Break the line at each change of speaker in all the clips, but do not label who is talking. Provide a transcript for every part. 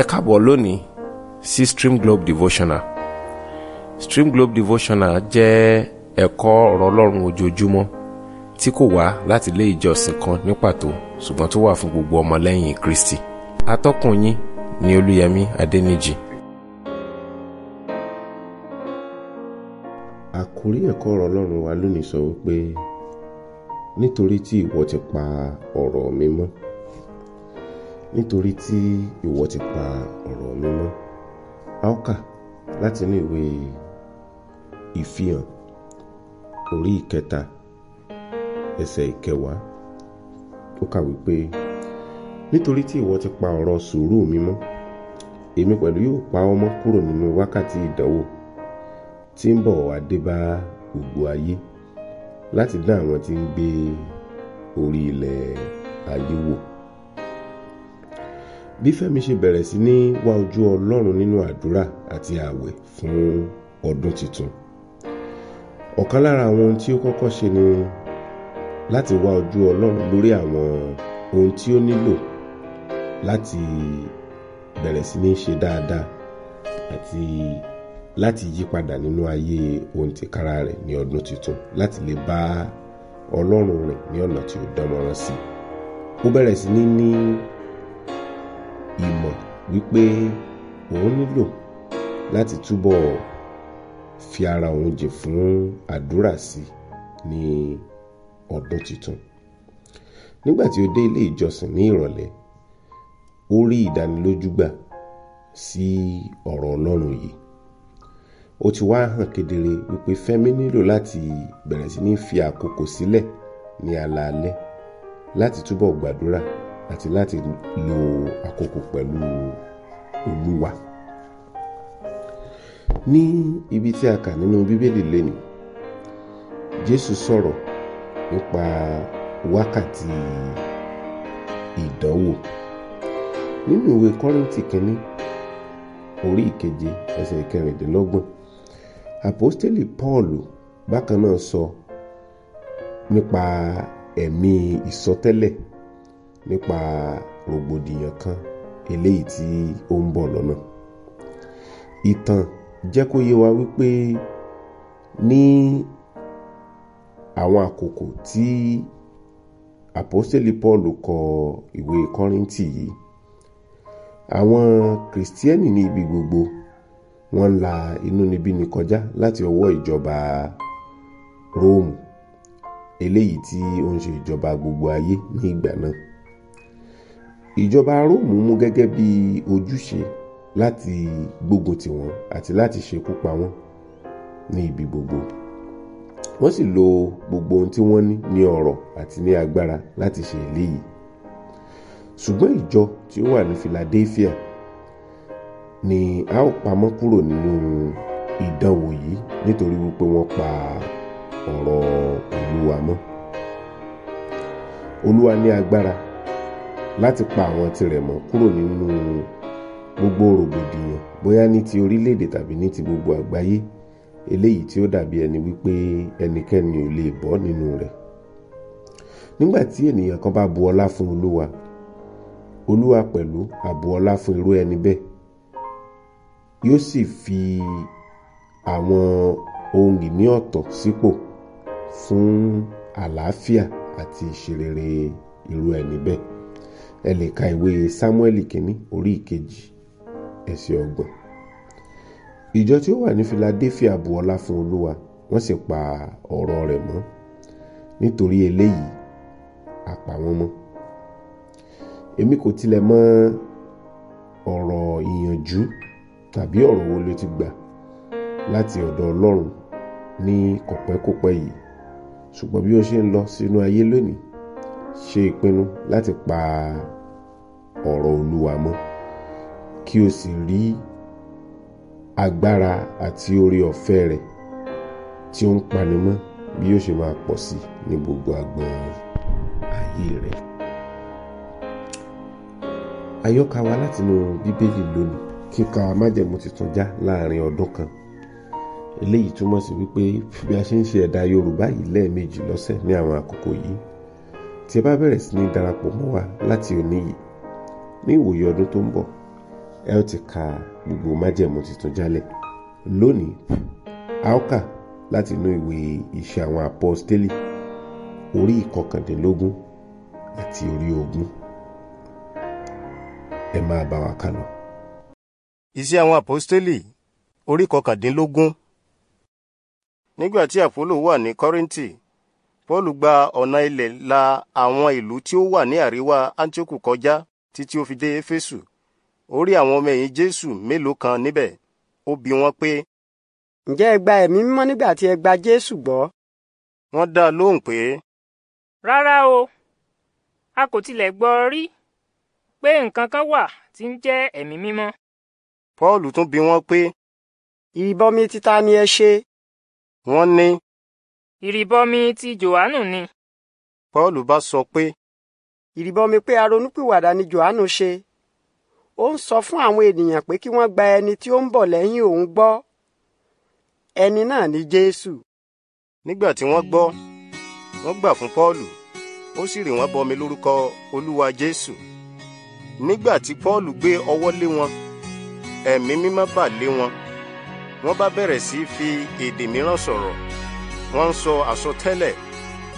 ẹ káàbọ̀ lónìí sí Stream Globe Devotional Stream Globe Devotional jẹ́ ẹ̀kọ́ ọ̀rọ̀ ọlọ́run ojoojúmọ́ tí kò wá láti ilé ìjọsìn kan ní pàtó ṣùgbọ́n tó wà fún gbogbo ọmọlẹ́yìn Kristi atọ́kùn yín ni Olúyẹmí Adẹ́nìjì. àkórí ẹ̀kọ́ ọ̀rọ̀ ọlọ́run wa lónìí sọ wípé nítorí tí ìwọ ti pa ọ̀rọ̀ mi mọ́ nítorí tí ìwọ ti pa ọ̀rọ̀ mi mọ́ a ó kà láti inú ìwé ìfihàn orí ìkẹta ẹsẹ̀ ìkẹwàá ó kà wípé nítorí tí ìwọ ti pa ọ̀rọ̀ sùúrù mi mọ́ èmi pẹ̀lú yóò pa ọ́ mọ́ kúrò nínú wákàtí ìdánwò tí ń bọ̀ wá dé bá gbogbo ayé láti dá àwọn tí ń gbé orí ilẹ̀ ayé wò bí Fẹ́mi ṣe bẹ̀rẹ̀ sí ní wá ojú Ọlọ́run nínú àdúrà àti ààwẹ̀ fún ọdún tuntun ọ̀kan lára àwọn ohun tí ó kọ́kọ́ ṣe ni láti wá ojú Ọlọ́run lórí àwọn ohun tí ó nílò láti bẹ̀rẹ̀ sí ní ṣe dáadáa àti láti yí padà nínú ayé ohun tìkára rẹ̀ ní ọdún tuntun láti lè bá Ọlọ́run rìn ní ọ̀nà tí ó dánmọ́rán sí i ó bẹ̀rẹ̀ sí ní ní ìmọ̀ wípé òun nílò láti túbọ̀ fi ara òun jìn fún àdúrà sí ní ọdún tuntun nígbà tí ó dé ilé ìjọsìn ní ìrọ̀lẹ́ ó rí ìdánilójú gbà sí ọ̀rọ̀ ọlọ́run yìí ó ti wá hàn kedere wípé Fẹ́mi nílò láti bẹ̀rẹ̀ sí ní fi àkókò sílẹ̀ ní alaalẹ́ láti túbọ̀ gbàdúrà àti láti lo àkókò pẹ̀lú olúwa ní ibi tí a kà nínú bíbélì lónìí jésù sọ̀rọ̀ nípa wákàtí ìdánwò nínú ìwé kọ́rìntì kínní orí ìkeje ẹsẹ̀ ìkẹrìndínlọ́gbọ̀n àpọ́stélì pọ́ọ̀lù bákan náà sọ nípa ẹ̀mí ìsọtẹ́lẹ̀ nípa rògbòdìyàn kan eléyìí tí ó ń bọ̀ lọ́nà. ìtàn jẹ́ kó yé wa wípé ní àwọn àkókò tí àpọ́sítélì Paul kọ ìwé Kọ́ríńtì yìí àwọn kìrìsìtíẹ́nì ní ibi gbogbo wọ́n la inúnibíni kọjá láti ọwọ́ ìjọba Róòmù eléyìí tí ó ń ṣe ìjọba gbogbo ayé ní ìgbà náà ìjọba róòmù mú gẹ́gẹ́ bí ojúṣe láti gbógun tì wọ́n àti láti ṣekú pa wọ́n ní ibi gbogbo wọ́n sì lo gbogbo ohun tí wọ́n ní ní ọ̀rọ̀ àti ní agbára láti ṣe eléyìí ṣùgbọ́n ìjọ tí ó wà ní Philadelphia ni a ó pamọ́ kúrò nínú ìdánwò yìí nítorí wípé wọ́n pa ọ̀rọ̀ olúwa mọ́ olúwa ní agbára láti pa àwọn tirẹ̀ mọ́ kúrò nínú gbogbo rògbòdìyàn bóyá ní ti orílẹ̀-èdè tàbí ní ti gbogbo àgbáyé eléyìí tí ó dàbí ẹni wípé ẹnikẹ́ni ò lè bọ́ nínú rẹ̀ nígbà tí ènìyàn kan bá bu ọlá fún olúwa olúwa pẹ̀lú á bu ọlá fún irú ẹni bẹ́ẹ̀ yóò sì fi àwọn ohun ìní ọ̀tọ̀ sípò fún àlàáfíà àti ìṣerere irú ẹni bẹ́ẹ̀ ẹ lè ka ìwé Sámúẹ́lì kìíní orí ìkejì ẹsẹ̀ ọgbọ̀n ìjọ tí ó wà ní Philadelphia bu ọlá fún Olúwa wọ́n sì pa ọ̀rọ̀ rẹ̀ mọ́ nítorí eléyìí a pa wọ́n mọ́ èmi kò tilẹ̀ mọ̀ ọ̀rọ̀ ìyànjú tàbí ọ̀rọ̀ wo ló ti gbà láti ọ̀dọ̀ Ọlọ́run ní kọ̀pẹ́kọ̀pẹ́ yìí ṣùgbọ́n bí ó ṣe ń lọ sínú ayé lónìí ṣe ìpinnu láti pa ọ̀rọ̀ olúwa mọ́ kí o sì rí agbára àti oore ọ̀fẹ́ rẹ̀ tí ó ń pani mọ́ bí yóò ṣe máa pọ̀ sí ní gbogbo agbọn ayé rẹ̀. àyọkà wa látinú bíbélì lónìí kíka májẹ̀mú tuntun já láàrin ọdún kan eléyìí túmọ̀ sí wípé bí a ṣe ń ṣe ẹ̀dà yorùbá yìí lẹ́ẹ̀mejì lọ́sẹ̀ ní àwọn àkókò yìí tí ẹ bá bẹ̀rẹ̀ sí ní darapọ̀ mọ́ wa láti òní yìí ní ìwòye ọdún tó ń bọ̀ ẹ ó ti ka gbogbo májẹ̀mú tuntun jálẹ̀ lónìí a ó kà láti inú ìwé iṣẹ́ àwọn apọ́stélì orí ìkọkàndínlógún àti orí ogún ẹ máa bá wa kà lọ.
iṣẹ́ àwọn apọ́stélì orí ìkọkàndínlógún nígbà tí àpólò wà ní kọ́rìntì Paul gba ọ̀nà ilẹ̀ la àwọn ìlú tí ó wà ní àríwá Antioch kọjá títí ó fi dé Éfésù. Ó rí àwọn ọmọ ẹ̀yìn Jésù mélòó kan níbẹ̀. Ó bi wọ́n pé. Ǹjẹ́ ẹ gba ẹ̀mí mímọ́ nígbà tí ẹ gba Jésù gbọ́? Wọ́n dá a lóhùn pé. Rárá o, a kò tilẹ̀ gbọ́ rí pé nǹkan kan wà tí ń jẹ́ ẹ̀mí mímọ́. Paul tún bi wọ́n pé.
Ìbọmi títa ni ẹ ṣe. Wọ́n ní
ìrìbọmi ti Jòhánù ni.
Paul bá sọ pé. ìrìbọmi pé aronúpìwàdà ni Jòhánù ṣe ó ń sọ fún àwọn ènìyàn pé kí wọ́n gba ẹni tí ó ń bọ̀ lẹ́yìn òun gbọ́ ẹni náà ni Jésù. nígbà tí wọ́n gbọ́ wọ́n gbà fún Paul ó sì rì
wọ́n bọmi lórúkọ Olúwa Jésù nígbà tí Paul gbé ọwọ́ lé wọn ẹ̀mí mímọ́ bà lé wọn wọ́n bá bẹ̀rẹ̀ sí fi èdè mìíràn sọ̀rọ̀ wọ́n ń sọ àsọtẹ́lẹ̀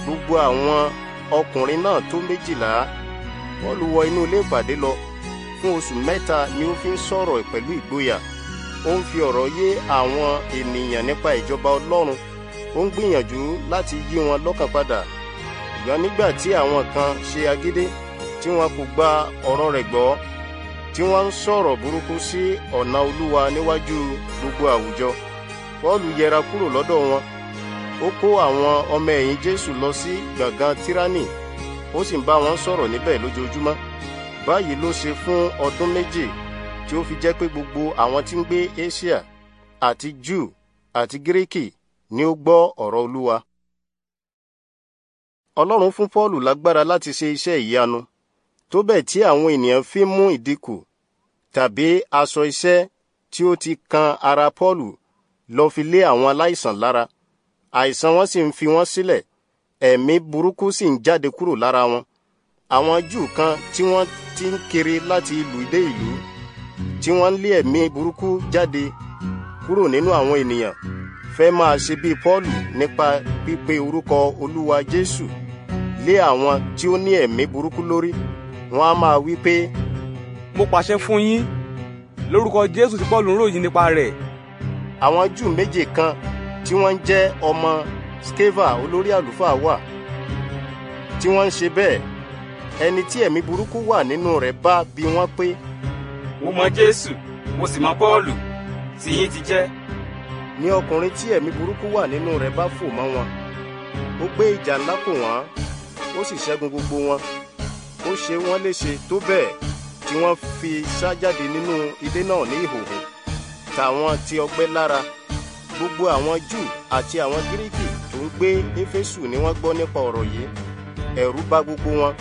gbogbo àwọn ọkùnrin náà tó méjìlá Pọ́ọ̀lù wọ inú ilé ìpàdé lọ fún oṣù mẹ́ta ni ó fi ń sọ̀rọ̀ pẹ̀lú ìgboyà ó ń fi ọ̀rọ̀ yé àwọn ènìyàn nípa ìjọba Ọlọ́run ó ń gbìyànjú láti yí wọn lọ́kàn padà ṣùgbọ́n nígbà tí àwọn kan ṣe agídé tí wọn kò gba ọ̀rọ̀ rẹ̀ gbọ́ tí wọ́n ń sọ̀rọ̀ burúkú sí ọ̀nà Olúwa níwájú gbogbo àwùjọ Pọ́ọ̀lù yẹra kúrò lọ́dọ̀ wọn ó kó àwọn ọmọ ẹ̀yìn jésù lọ sí gbàngàn tirani ó sì ń bá wọn sọ̀rọ̀ níbẹ̀ lójoojúmọ́ báyìí ló ṣe fún ọdún méje tí ó fi jẹ́ pé gbogbo àwọn tí ń gbé asia àti jù àti gíríkì ni ó gbọ́ ọ̀rọ̀ olúwa ọlọ́run fún pọ́ọ̀lù lágbára láti ṣe iṣẹ́ ìyanu tó bẹ́ẹ̀ tí àwọn ènìyàn fi mú ìdínkù tàbí aṣọ iṣẹ́ tí ó ti kan ara pọ́ọ̀lù lọ fi lé àwọn aláìsàn lára àìsàn wọn sì ń fi wọ́n sílẹ̀ ẹ̀mí burúkú sì ń jáde kúrò lára wọn àwọn Júù kan tí wọ́n ti ń kiri láti ìlú dé ìlú tí wọ́n ń lé ẹ̀mí burúkú jáde kúrò nínú àwọn ènìyàn fẹ́ máa ṣe bí Pọ́ọ̀lù nípa pípe orúkọ Olúwa Jésù lé àwọn tí ó ní ẹ̀mí burúkú lórí wọ́n á máa wí pé. mo pàṣẹ fún yín lórúkọ Jésù tí Pọ́ọ̀lù ń ròyìn nípa rẹ̀. àwọn Júù méje kan tí wọ́n ń jẹ́ ọmọ skeva olórí àlùfáà wà tí wọ́n ń ṣe bẹ́ẹ̀ ẹni tí ẹ̀mí burúkú wà nínú rẹ̀ bá bi wọ́n pé.
mo mọ jésù mo sì mọ pọ́ọ̀lù tí yín ti jẹ́.
ni ọkùnrin tí ẹ̀mí burúkú wà nínú rẹ̀ bá fò mọ́ wọn ó gbé ìjà ńlá kò wọ́n ó sì ṣẹ́gun gbogbo wọn ó ṣe wọ́n léṣe tó bẹ́ẹ̀ tí wọ́n fi sá jáde nínú ilé náà ní ìhòòhò tàwọn ti ọgbẹ́ lára gbogbo àwọn Júù àti àwọn Gíríkì tó ń gbé Éfésù ni wọ́n gbọ́ nípa ọ̀rọ̀ yìí ẹ̀rù bà gbogbo wọn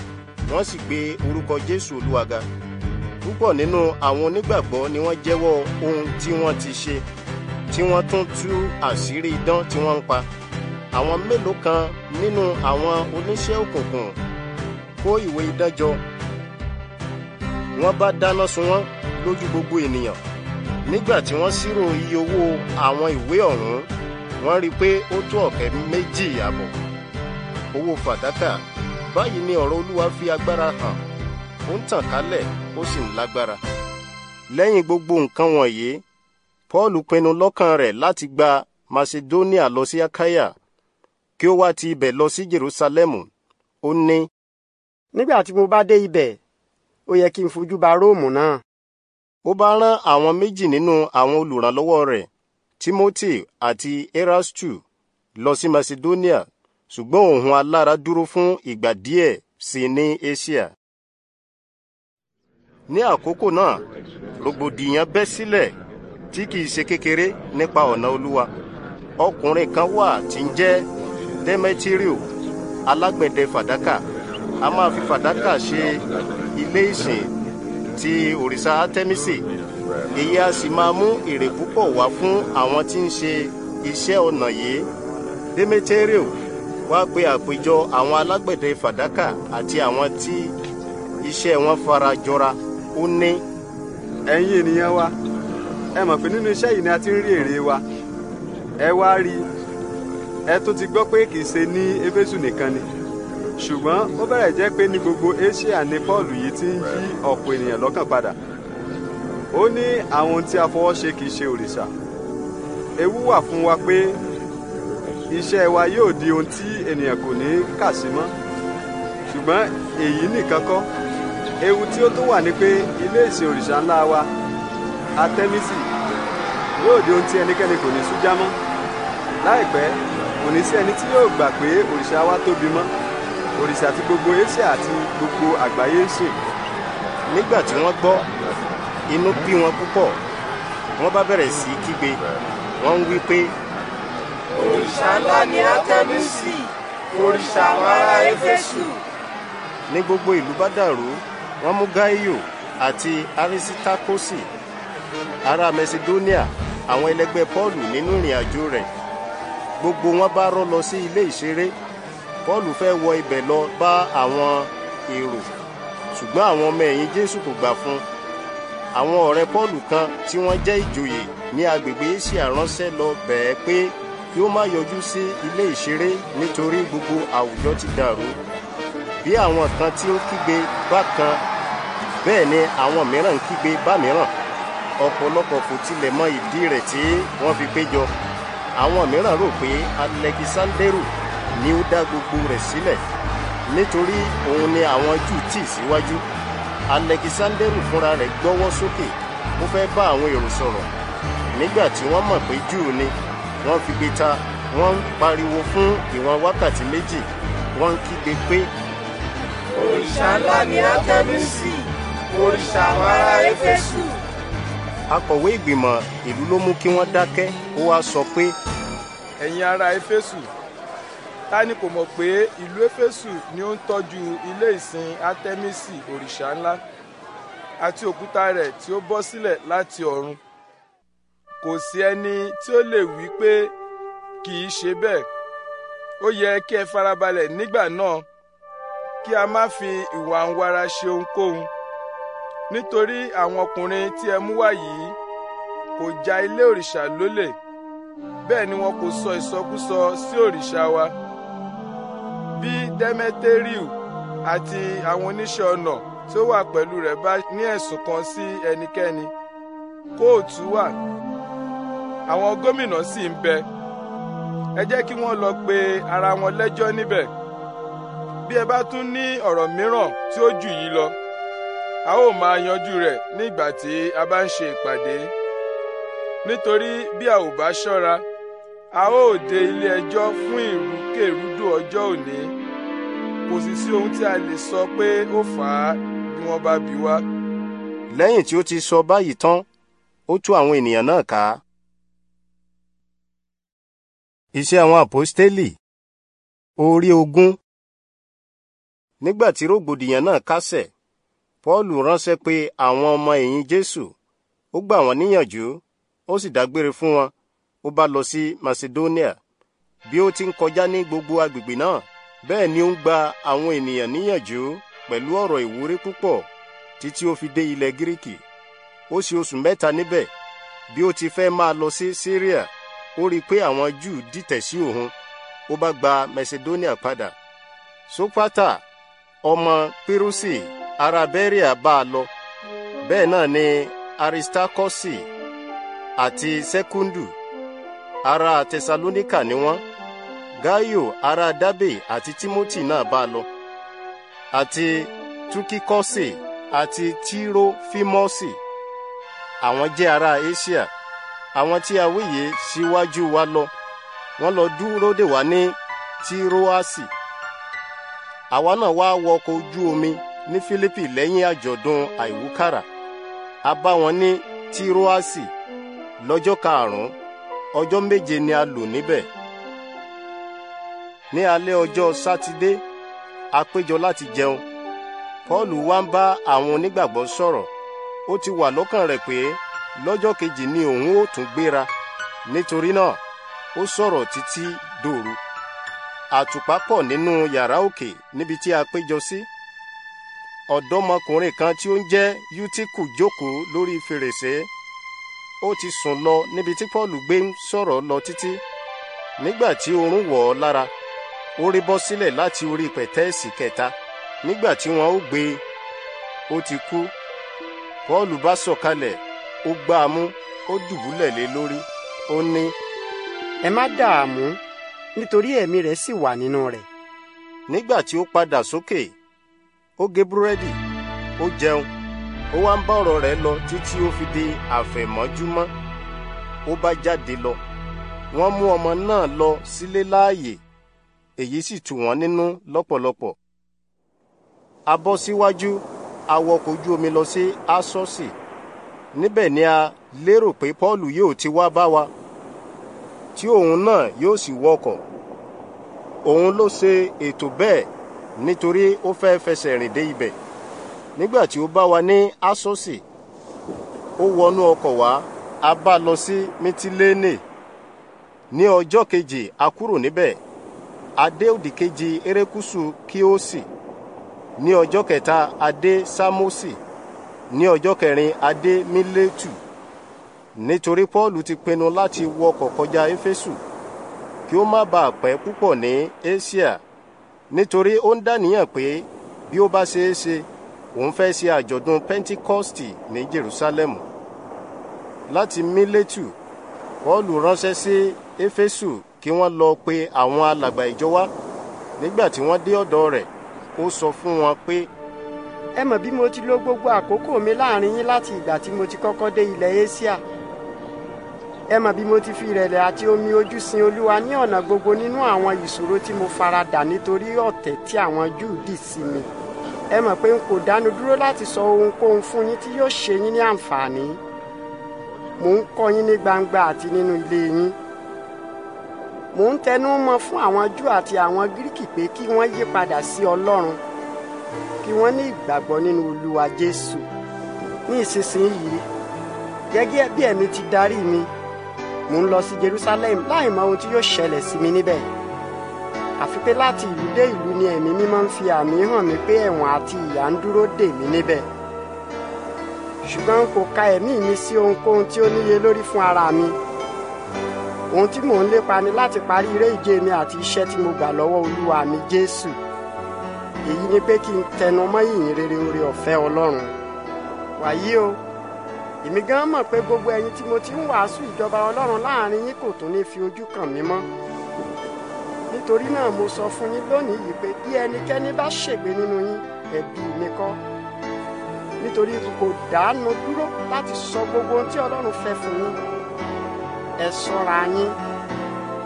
wọ́n sì gbé orúkọ Jésù Olúwa ga púpọ̀ nínú àwọn onígbàgbọ́ ni wọ́n jẹ́wọ́ ohun tí wọ́n ti ṣe tí wọ́n tún tú àṣírí idán tí wọ́n ń pa àwọn mélòó kan nínú àwọn oníṣẹ́ òkùnkùn kó ìwé idán jọ wọ́n bá dáná sun wọ́n lójú gbogbo ènìyàn nígbà tí wọ́n ṣírò iye owó àwọn ìwé ọ̀hún wọ́n rí i pé ó tó ọ̀kẹ́ méjì àbọ̀ owó fàdákà báyìí ni ọ̀rọ̀ olúwa fi agbára hàn ó ń tàn kálẹ̀ ó sì ń lágbára. lẹ́yìn gbogbo nǹkan wọ̀nyí paul pinnu lọ́kàn rẹ̀ láti gba macedonia lọ sí akaya kí ó wá ti ibẹ̀ lọ sí jerusalemu ó ní. nígbà tí mo bá dé ibẹ̀ ó yẹ kí n fojú ba róòmù náà ó bá rán àwọn méjì nínú àwọn olùrànlọ́wọ́ rẹ̀ timothy àti erastu lọ sí macedonia ṣùgbọ́n òun alára dúró fún ìgbà díẹ̀ sí ní asia. ní àkókò náà rògbòdìyàn bẹ́ sílẹ̀ tí kìí ṣe kékeré nípa ọ̀nà olúwa ọkùnrin kan wà tí ń jẹ́ demetrio alágbẹ̀dẹ fàdákà a máa fi fàdákà ṣe ilé ìsìn ti òrìṣà Artemisi èyí a sì máa mú èrè púpọ̀ wá fún àwọn tí ń ṣe iṣẹ́ ọnà yìí Demeterio wá pe àpéjọ àwọn alágbẹ̀dẹ fàdákà àti àwọn tí iṣẹ́ wọn fara jọra ó ní. ẹ̀yin ènìyàn wa ẹ mọ̀ pé nínú iṣẹ́ yìí ni a ti ń rí èrè wa ẹ wá rí i ẹ tún ti gbọ́ pé kì í ṣe ní Éfésù nìkan ni ṣùgbọ́n ó bẹ̀rẹ̀ jẹ́ pé ní gbogbo Asia ni Paul yìí ti ń yí ọ̀pọ̀ ènìyàn lọ́kàn padà ó ní àwọn ohun tí a fọwọ́ ṣe kì í ṣe òrìṣà ewu wà fún wa pé iṣẹ́ wa yóò di ohun tí ènìyàn kò ní kà sí mọ́ ṣùgbọ́n èyí nìkan kọ́ ewu tí ó tún wà ni pé ilé ìsìn òrìṣà ńlá wa Artemisi yóò di ohun tí ẹnikẹ́ni kò ní sújá mọ́ láìpẹ́ kò ní sí ẹni tí yóò gbà pé òrìṣà wa tóbi mọ́ òrìṣà tí gbogbo Éṣíà àti gbogbo àgbáyé ṣe nígbà tí wọ́n gbọ́ inú bí wọn púpọ̀ wọ́n bá bẹ̀rẹ̀ sí í kígbe wọ́n ń wí pé.
òrìṣà ńlá ni Átémísì òrìṣà àwọn ará Éfésù.
ní gbogbo ìlú bá dàrú wọ́n mú Gáíyò àti arisitakosi ará Macedonia àwọn ẹlẹgbẹ́ Pọ́ọ̀lù nínú ìrìn àjò rẹ̀ gbogbo wọn bá rọ́ lọ sí ilé ìṣeré. Si paul fẹ́ wọ ibẹ̀ lọ bá àwọn èrò ṣùgbọ́n àwọn ọmọ ẹ̀yìn jésù kò gbà fún un àwọn ọ̀rẹ́ paul kan tí wọ́n jẹ́ ìjòyè ní agbègbè asia ránṣẹ́ lọ bẹ̀ẹ́ pé kí ó má yọjú sí ilé ìṣeré nítorí gbogbo àwùjọ ti dàrú bí àwọn kan tí ó kígbe bá kan bẹ́ẹ̀ ni àwọn mìíràn ń kígbe bá mìíràn ọ̀pọ̀lọpọ̀ kò tilẹ̀ mọ ìdí rẹ̀ tí wọ́n fi péjọ àwọn mìíràn rò pé alẹ́kisanderu ni ó dá gbogbo rẹ̀ sílẹ̀ nítorí òun ni àwọn jù tì síwájú alẹ́gisándẹ́rù fúnra rẹ̀ gbọ́wọ́ sókè ó fẹ́ bá àwọn èrò sọ̀rọ̀ nígbà tí wọ́n mọ̀ pé júù ni wọ́n fi gbé ta wọ́n ń pariwo fún ìwọ̀n wákàtí méjì wọ́n ń kígbe pé. òrìṣà ńlá ni a kẹ́nu sí
òrìṣà àwọn ará éfésù.
akọ̀wé ìgbìmọ̀ ìlú ló mú kí wọ́n dákẹ́ ó wá sọ pé.
ẹ̀yin ará éfésù ta ni kò mọ̀ pé ìlú éfésù ni ó ń tọ́jú ilé ìsìn átẹ́mísì òrìṣà ńlá àti òkúta rẹ̀ tí ó bọ́ sílẹ̀ láti ọ̀run kò sí ẹni tí ó lè wí pé kì í ṣe bẹ́ẹ̀ ó yẹ kí ẹ farabalẹ̀ nígbà náà kí a má fi ìwà ń wara ṣe ohunkóhun nítorí àwọn ọkùnrin tí ẹ mú wá yìí kò ja ilé òrìṣà lólè bẹ́ẹ̀ ni wọn kò sọ ìsọkúsọ sí òrìṣà wa. So Dẹ́mẹ́tẹ́ríù àti àwọn oníṣẹ́ ọnà tí ó wà pẹ̀lú rẹ̀ bá ní ẹ̀sùn kan sí ẹnikẹ́ni kóòtù wà àwọn gómìnà sì ń bẹ ẹ jẹ́ kí wọ́n lọ pe ara wọn lẹ́jọ́ níbẹ̀ bí ẹ bá tún ní ọ̀rọ̀ mìíràn tí ó jù yìí lọ a ó máa yanjú rẹ̀ nígbà tí a bá ń ṣe ìpàdé nítorí bí a ò bá ṣọ́ra a ó de ilé ẹjọ́ fún ìrúkèrúdò ọjọ́ òní kò sì sí ohun tí a lè sọ pé ó fà á bí wọ́n bá bi wá. lẹ́yìn tí ó ti sọ báyìí tán
ó tú àwọn ènìyàn náà ká. iṣẹ́ àwọn àpọ́stélì orí ogún. nígbà tí rògbòdìyàn náà kásẹ̀ pọ́ọ̀lù ránṣẹ́ pé àwọn ọmọ ẹ̀yìn jésù ó gbà wọ́n níyànjú ó sì dágbére fún wọn ó bá lọ sí macedonia bí ó ti ń kọjá ní gbogbo agbègbè náà bẹ́ẹ̀ ni ó ń gba àwọn ènìyàn níyànjú pẹ̀lú ọ̀rọ̀ ìwúrí púpọ̀ títí ó fi dé ilẹ̀ gíríkì ó sì oṣù mẹ́ta níbẹ̀ bí ó ti fẹ́ máa lọ sí syria ó rí i pé àwọn júù dìtẹ̀ sí òun ó bá gba macedonia padà sópátà ọmọ pírúsì ará bẹ́ríà bá a lọ bẹ́ẹ̀ náà ni aristakọ́sì àti sẹ́kúndù ará tẹsalóníkà ni wọ́n gaio ará dábè àti timothy náà bá lọ àti tukikọsì àti tirofimọsì àwọn jẹ́ ará asia àwọn tí a wíyè síwájú wa lọ wọ́n lọ dúró dè wá ní tiroasi àwa náà wá wọkọ̀ ojú omi ní fílípì lẹ́yìn àjọ̀dún àìwúkàrà a bá wọn ní tiroasi lọ́jọ́ karùnún ọjọ́ méje ni a lò níbẹ̀ ní alẹ́ ọjọ́ sátidé a péjọ láti jẹun pọ́ọ̀lù wá ń bá àwọn onígbàgbọ́ sọ̀rọ̀ ó ti wà lọ́kàn rẹ̀ pé lọ́jọ́ kejì ni òun ó tún gbéra nítorí náà ó sọ̀rọ̀ títí dòru àtùpà pọ̀ nínú yàrá òkè níbi tí a péjọ sí ọ̀dọ́mọkùnrin kan tí ó ń jẹ́ yútíkù jókòó lórí fèrèsé ó ti sùn lọ níbi tí pọ́ọ̀lù gbé ń sọ̀rọ̀ lọ títí nígbà tí oorun wọ̀ ọ́ lára ó ré bọ́ sílẹ̀ láti orí pẹ̀tẹ́ẹ̀sì kẹta nígbà tí wọ́n ó gbé e ó ti kú pọ́ọ̀lù bá sọ̀kalẹ̀ ó gbá a mú ó dùbúlẹ̀ lé lórí ó ní. ẹ má dààmú nítorí ẹ̀mí rẹ̀ sì wà nínú rẹ̀. nígbà tí ó padà sókè ó gé búrẹ́dì ó jẹun ó wá ń bá ọ̀rọ̀ rẹ̀ lọ títí ó fi di àfẹ̀mọ́júmọ́ ó bá jáde lọ wọ́n mú ọmọ náà lọ sílé láàyè èyí sì tù wọ́n nínú lọ́pọ̀lọpọ̀. a bọ́ síwájú a wọkọ̀ ojú omi lọ sí asọ́sì níbẹ̀ ni a lérò pé pọ́ọ̀lù yóò ti wá bá wa tí òun náà yóò sì wọkọ̀ òun ló ṣe ètò bẹ́ẹ̀ nítorí ó fẹ́ fẹsẹ̀ rìn dé ibẹ̀ nígbà tí ó bá wa ní asọ́sì ó wọnú ọkọ̀ wá a bá lọ sí mítílénè ní ọjọ́ kejì a kúrò níbẹ̀ adé òdìkejì erékùṣù kíósì ní ọjọ́ kẹta adé sámósì ní ọjọ́ kẹrin adé mílétù nítorí pọ́ọ̀lù ti pinnu láti wọkọ̀ kọjá éfésù kí ó má bàa pẹ́ púpọ̀ ní asia nítorí ó ń dàníyàn pé bí ó bá ṣeé ṣe òun fẹ́ ṣe àjọ̀dún pentikọ́stì ní jerúsálẹ́mù láti mílétù pọ́ọ̀lù ránṣẹ́ sí éfésù kí wọ́n lọ pe àwọn alàgbà ìjọ wá nígbà tí wọ́n dé ọ̀dọ̀ rẹ̀ ó sọ fún wọn pé.
ẹ mọ̀ bí mo ti lo gbogbo àkókò mi láàrin yín láti ìgbà tí mo ti kọ́kọ́ dé ilẹ̀ Éṣíà ẹ mọ̀ bí mo ti fi ìrẹ̀lẹ̀ àti omi ojú sin Olúwa ní ọ̀nà gbogbo nínú àwọn ìṣòro tí mo faradà nítorí ọ̀tẹ̀ tí àwọn Júù dì sí mi ẹ mọ̀ pé n kò dánu dúró láti sọ ohunkóhun fún yín tí yóò ṣe yín ní àǹfààní mò ń kọ́ yín ní gbangba àti nínú ilé yín mò ń tẹnu mọ́ fún àwọn júù àti àwọn gíríkì pé kí wọ́n yí padà sí ọlọ́run kí wọ́n ní ìgbàgbọ́ nínú olúwa jésù ní ìsinsìnyí gẹ́gẹ́ bí ẹ̀mí ti darí mi mò ń lọ sí jerusalem láì mọ ohun tí yóò ṣẹlẹ̀ sí mi níbẹ̀ àfi pé láti ìlú dé ìlú ni ẹ̀mí mímọ́ ń fi àmì hàn mí pé ẹ̀wọ̀n àti ìyà ń dúró dè mí níbẹ̀ ṣùgbọ́n n kò ka ẹ̀mí mi sí ohunkóhun tí ó níye lórí fún ara mi ohun tí mò ń lépa ni láti parí eré ìje mi àti iṣẹ́ tí mo gbà lọ́wọ́ olúwa mi jésù èyí ni pé kí n tẹnu mọ́ ìyìn rere oore ọ̀fẹ́ ọlọ́run wàyí o èmi gan mọ̀ pé gbogbo ẹyin tí mo ti ń wàásù ìjọba ọlọ́run láàrin yín kò tún ní fi ojú kàn mí mọ́ nítorí náà mo sọ fún yín lónìí yìí pé bí ẹnikẹ́ni bá ṣègbé nínú yín ẹ̀bi mi kọ́ nítorí kò dáánu dúró láti sọ gbogbo ohun tí ọlọ́run fẹ́ fún yín ẹ ṣọ́ra yín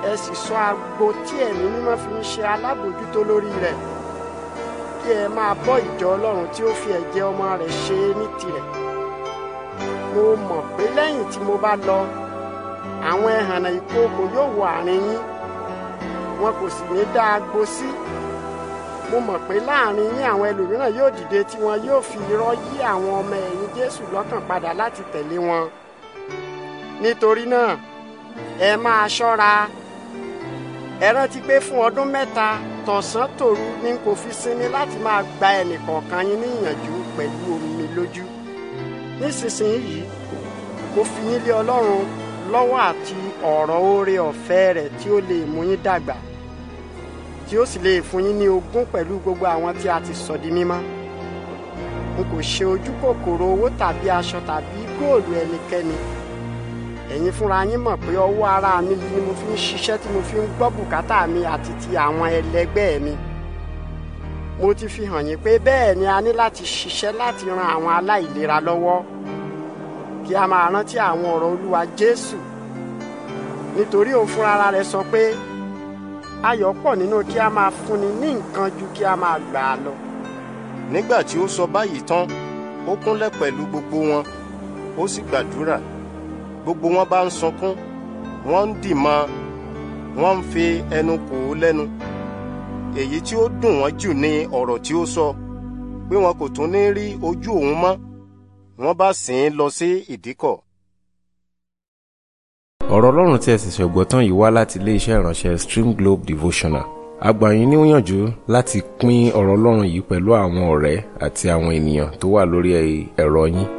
ẹ sì ṣọ́ agbo tí ẹ̀mí mímọ́ fi ń ṣe alábòójútó lórí rẹ̀ kí ẹ máa bọ́ ìjọ ọlọ́run tí ó fi ẹ̀jẹ̀ ọmọ rẹ̀ ṣe é ní tirẹ̀ mo mọ̀ pé lẹ́yìn tí mo bá lọ àwọn ẹhànnà ìkookò yóò wọ àárín yín wọn kò sì ní dá agbo sí mo mọ̀ pé láàrin yín àwọn ẹlòmíràn yóò dìde tí wọn yóò fi irọ́ yí àwọn ọmọ ẹ̀yìn Jésù lọ́kàn padà láti tẹ̀lé wọn nítorí náà ẹ máa ṣọ́ra ẹ rántí pé fún ọdún mẹ́ta tọ̀sán tòru ni kò fi sinmi láti máa gba ẹnìkọ̀ọ̀kan yín níyànjú pẹ̀lú omi lójú nísinsìnyí kó fi yín lé ọlọ́run lọ́wọ́ àti ọ̀rọ̀ oore ọ̀fẹ́ rẹ̀ tí ó lè mú yín dàgbà tí ó sì lè fún yín ní ogún pẹ̀lú gbogbo àwọn tí a ti sọ di mímọ́ n kò ṣe ojú kòkòrò owó tàbí aṣọ tàbí góòlù ẹnikẹ́ni ẹ̀yin fúnra yín mọ̀ pé ọwọ́ ara mi ni mo fi ń ṣiṣẹ́ tí mo fi ń gbọ́ bùkátà mi àti ti àwọn ẹlẹgbẹ́ mi mo ti fi hàn yín pé bẹ́ẹ̀ ni a ní láti ṣiṣẹ́ láti ran àwọn aláìlera lọ́wọ́ kí a máa rántí àwọn ọ̀rọ̀ olúwa jésù nítorí òun fúnra ara rẹ̀ sọ pé ayọ̀ pọ̀ nínú kí a máa fúnni ní nǹkan ju kí a máa gbà á lọ.
nígbà tí ó sọ báyìí tán ó kúnlẹ̀ pẹ̀lú gbogbo wọn ó sì gbàdúrà gbogbo wọn bá ń sunkún wọ́n ń dì mọ́ wọ́n ń fi ẹnu kò ó lẹ́nu èyí tí ó dùn wọ́n jù ni ọ̀rọ̀ tí ó sọ pé wọn kò tún ní rí ojú òun mọ́ wọ́n bá sìn ín lọ sí ìdíkọ̀.
ọ̀rọ̀ ọlọ́run tí ẹ sì ṣẹ̀gbọ́ tán yìí wá láti iléeṣẹ́ ìránṣẹ́ Stream Globe Devotional a gbà yín níyànjú láti pín ọ̀rọ̀ ọlọ́run yìí pẹ̀lú àwọn ọ̀rẹ́ àti àwọn ènìyàn tó wà lórí ẹ̀rọ yín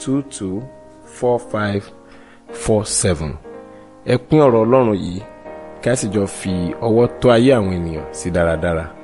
22 45 47. ẹ pín ọ̀rọ̀ ọlọ́run yìí kí a sì jọ fi ọwọ́ tó
ayé àwọn ènìyàn sí dáradára.